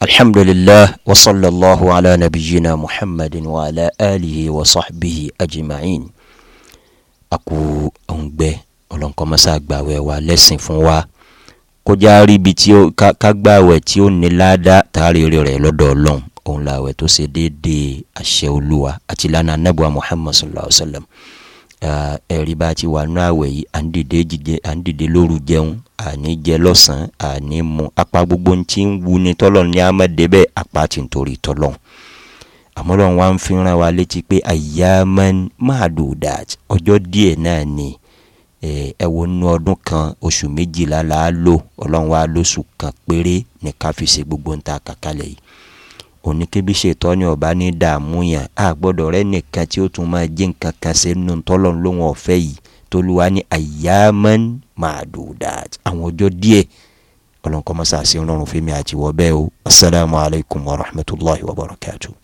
الحمد لله وصلى الله على نبينا محمد وعلى آله وصحبه أجمعين aku ọ̀ngbẹ́ ọlọ́nkọ́mọ́sá gbàwẹ̀ wa lẹ́sìn fún wa kó já ríbi tí ó ká gbàwẹ̀ tí ó ní ládá tààrí rẹ̀ lọ́dọ̀ ọlọ́run òun làwẹ̀ tó ṣe déédéé àṣẹ olúwa àti lánàá anábùwà muhammad sallallahu alayhi wa sallam ẹ̀rí bá ti wà nú àwẹ̀ yìí à ń dìde lóru jẹun àní jẹ lọ́sàn-án àní mu apá gbogbo ń ti ń wuni tọ́lọ̀ ní amáde bẹ́ẹ̀ apá ti ń torí tọ́lọ̀ àmọ́ lọ́n ń fi ràn létí pé àyàmán máa dò dat ọjọ́ díẹ̀ náà ni ẹ wo nínú ọdún kan oṣù méjìlá la lò ọlọ́run wa lóṣù kan péré ní ká fi ṣe gbogbo ń ta kàkálẹ̀ yìí òní kébí ṣètọ́ ni ọba ní dààmú yàn á gbọ́dọ̀ nìkan tí ó tún máa jí nǹkan kan ṣe nínú tọ́lọ̀ lóhun ọ̀fẹ́ yìí tolúwa ní ayaman madudat àwọn ọjọ́ díẹ̀ ọlọ́nkọ́ mọ́sáàsì ọlọ́run fẹ́mi àti wọ́bẹ́ o asalaamualeykum wa rahmatulahi wa barakatuh.